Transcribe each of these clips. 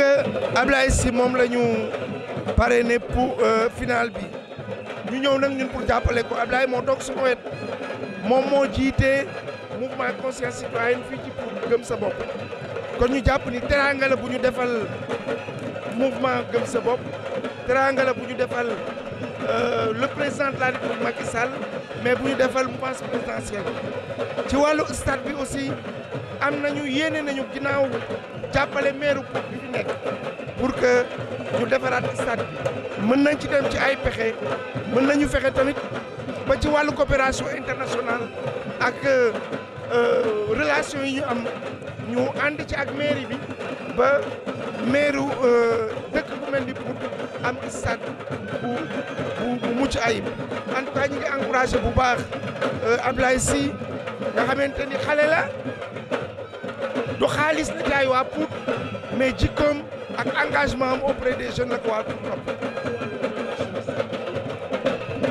que Ablaye Sy moom lañu pare ne pour euh, final bi ñu ñëw nag ñun pour jàppale ko Ablaye moo toog suñu wet moom moo jiite mouvement conscience citoyenne fii ci pour gëm sa bopp kon ñu jàpp ni teraanga bu ñu defal mouvement gëm sa bopp teraanga bu ñu defal Euh, le président de la République Macky Sall mais bu ñu defal mouvance présidentielle ci wàllu stade bi aussi am nañu yéene nañu ginnaaw jàppale maire pour bi fi nekk pour que ñu defaraat stade bi mën nañ ci dem ci ay pexe mën nañu fexe tamit ba ci wàllu coopération internationale ak euh, euh, relation yi ñu am ñu ànd ci ak mairie bi ba maire dëkk bu mel ni pour am stade bu bu mucc ayib en tout cas ngi encouragé bu baax euh, Ablaye Sy nga xamante ni xale la du xaalis na jaay waa Pout mais jikkoom ak engagement am auprès des jeunes la ko waa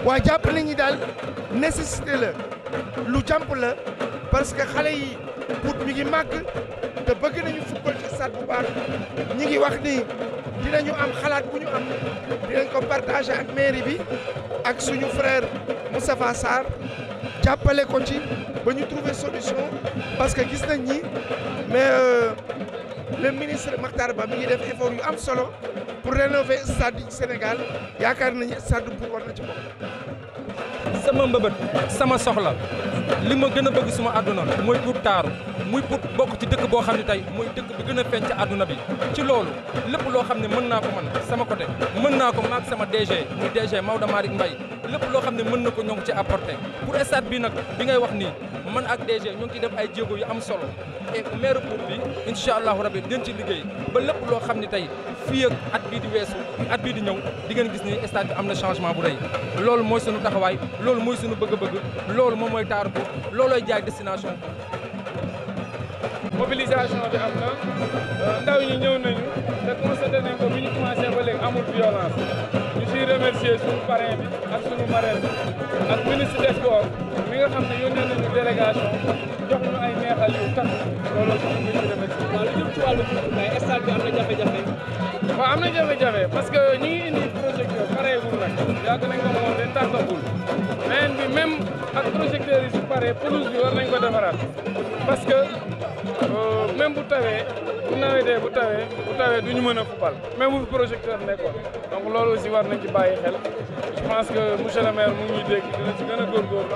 waa jàpp nañu daal nécessité la lu jàmp la parce que xale yi. Pout mi ngi màgg te bëgg nañu football ci stade bu baax ñi ngi wax ni dinañu am xalaat bu ñu am dinañ ko partager ak mairie bi ak suñu frère Moustapha Sarr jàppale ko ci ba ñu trouver solution parce que gis nañ ni mais euh, le ministre Makhtar Ba mi ngi def effort yu am solo pour rénover stade du Sénégal yaakaar nañu stade bu war na ci bokk. sama mbëbët sama soxla li ma gën a bëgg suma àdduna mooy pour taaru muy pour bokk ci dëkk boo xam ne tey mooy dëkk bi gën a feeñ ci àdduna bi ci loolu lépp loo xam ne mën naa ko man sama côté mën naa ko maag sama DG muy DG Maodo Malick mbay lépp loo xam ne mën na ko ñoo ngi ci apporté pour stade bi nag bi ngay wax nii man ak DG ñu ngi ciy def ay jéego yu am solo et maire pour bi incha allahu rabi dinañ ci liggéey ba lépp loo xam ni tey fii ak at bii di weesu at bii di ñëw di ngeen gis ni stade bi am na changement bu rëy loolu mooy sunu taxawaay loolu mooy sunu bëgg-bëgg loolu moom mooy taaru ko loolooy jaay destination mobilisation bi am na euh, ndaw ñi ñëw nañu te constaté nañ ko bi ñu amul violence ñu siy remercier sunu parrain bi ak sunu marraine ak ministre des sports nga xam ne yónnee nañu délégation jox ñu ay neexal yu tax loolu sax ñu ngi remercié. waaw lu jëm ci wàllu mbay stade bi am na jafe-jafe. waaw am na jafe-jafe parce que ñi ngi indi projecteur pareegul nag yàgg nañ ko moom leen tàggagul. leen bi même ak projecteurs yi su paree pelouse bi war nañ ko parce que euh, même bu tawee bu nawetee bu tawee du ñu mën a football même bu projecteur nekkoon donc loolu aussi war nañ ci bàyyi xel je pense que monsieur le maire mu ñuy dégg dina ci gën a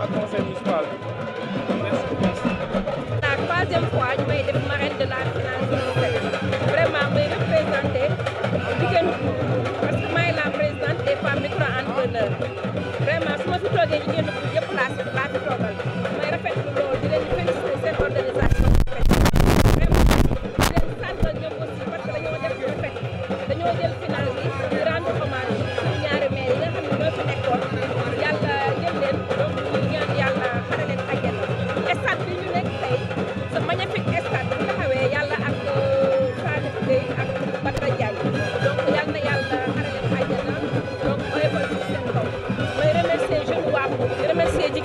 ak conseil municipal bi merci merci. la troisième fois ñu may def marraine de la finale vraiment may représenter Viguène Ndour parce que may la présidente des femmes micro-entrepreneurs.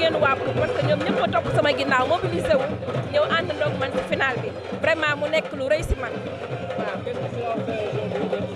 jigéenu Waapour parce que ñoom ñëpp a topp sama ginnaaw mobilisé ñëw ànd ndoog man bi vraiment mu nekk lu rëy si man waaw.